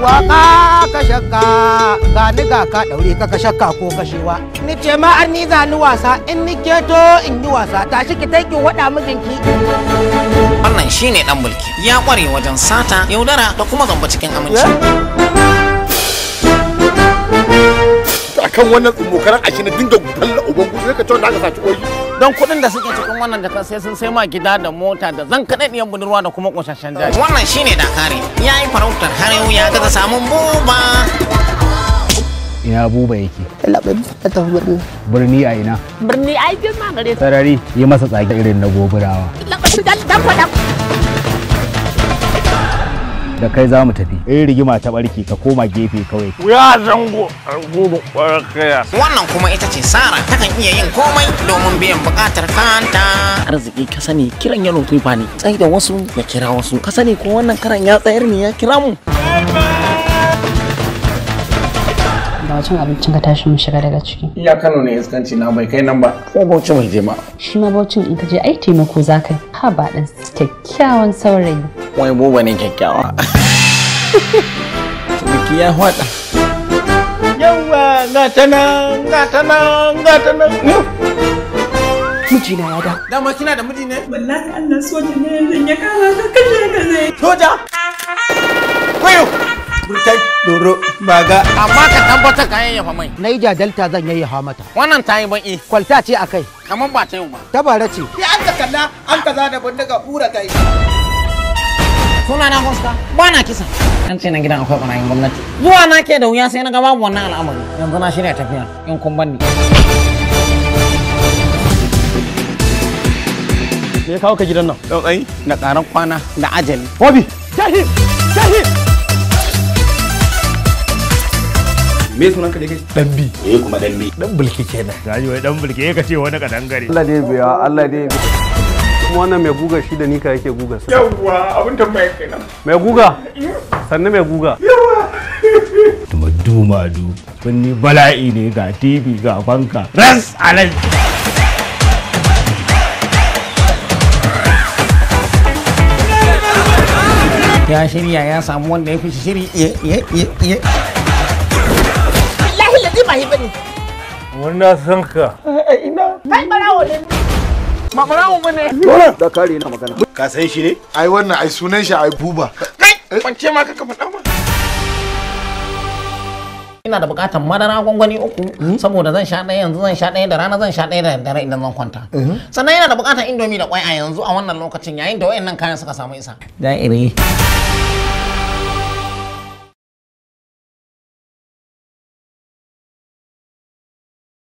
waka ka shakka ka ga ka daure ka ka shakka ko kashewa ni ce ma an ni zani wasa in ni keto in yi wasa shi ki taiki wada mijinki wannan shine dan mulki ya kware wajen sata yaudara da kuma zamba cikin aminci kan wannan tsumokaran ashe na dinga gudan uban gudu ka ce wanda aka saci oyi don kuɗin da suke cikin wannan jakar sai sun sai ma gida da mota da zan ɗiyan budurwa da kuma ƙoshashen jari. Wannan shine Dakari ya yi farautar har yau ya gaza samun buba. Ina buba yake. Birni a ina. Birni yi bin ma gare. Sarari yi masa tsage irin na goburawa. da kai za mu tafi in eh, rigima ta barke ka koma gefe kawai ya zango zango barkaya wannan kuma ita ce sara takan iya yin komai domin biyan bukatar kanta arziki ka sani kiran yano ba ne tsai da wasu ya kira wasu ka sani ko wannan karan ya tsayar ne ya kira mu ba cin abincin ka tashi mu shiga daga ciki. Iya Kano ne iskanci na bai kai nan ba. Ko Bauchi mai je ma. Shi ma Bauchin in ka je ai taimako za ka yi. Ha ba ɗan kyakkyawan saurayi. wai buba ne kyakkyawa ciniki ya hwada yawa gata nan gata nan gata nan mijina ya da dama kina da miji ne wallahi Allah soja ne yanzu ya kama ka kashe ka zai soja kuyo burtai doro baga amma ka tabbatar ka yayyafa mai naija delta zan yayyafa mata wannan ta tayi baki kwalta ce a akai kaman ba ta yau ba tabara ce sai an ka kalla an kaza da bindiga bura ta yi suna na hosta ba kisa an ce na gidan akwai barayin gwamnati zuwa na ke da wuya sai na ga babu wannan al'amari yanzu na shirya tafiya in kun banni me kawo ka gidan nan tsautsayi da karan kwana da ajali hobi jahil jahil me sunan ka dai kai dambi eh kuma dambi dan bulki kenan rayuwa dan bulki eh ka ce wani kadangare Allah ne biya Allah ne biya kuma wannan mai guga shi da nika yake guga su yawwa abin tambaya kenan mai guga sannan mai guga yawwa madu madu kunni bala'i ne ga tv ga fanka ras alai ya shirya ya samu wanda ya fi shiri ye ye ye ye lahi wannan san ka eh, eh, ina kai barawo ne ba barawo dole da kare na magana ka san shi ne ai wannan ai sunan shi ai buba kwance eh. ma ka faɗa ma ina da bukatar madara gwangwani uku hmm? saboda zan sha ɗaya yanzu zan sha ɗaya da rana zan sha ɗaya da dare idan zan kwanta hmm? sannan yana da bukatar indomi da kwai a yanzu a wannan lokacin yayin da wayannan kayan suka samu isa da'iri